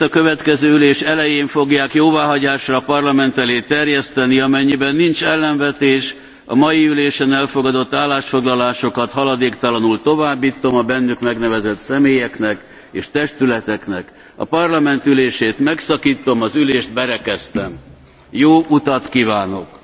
a következő ülés elején fogják jóváhagyásra a parlament elé terjeszteni, amennyiben nincs ellenvetés, a mai ülésen elfogadott állásfoglalásokat haladéktalanul továbbítom a bennük megnevezett személyeknek és testületeknek. A parlament ülését megszakítom, az ülést berekeztem. Jó utat kívánok!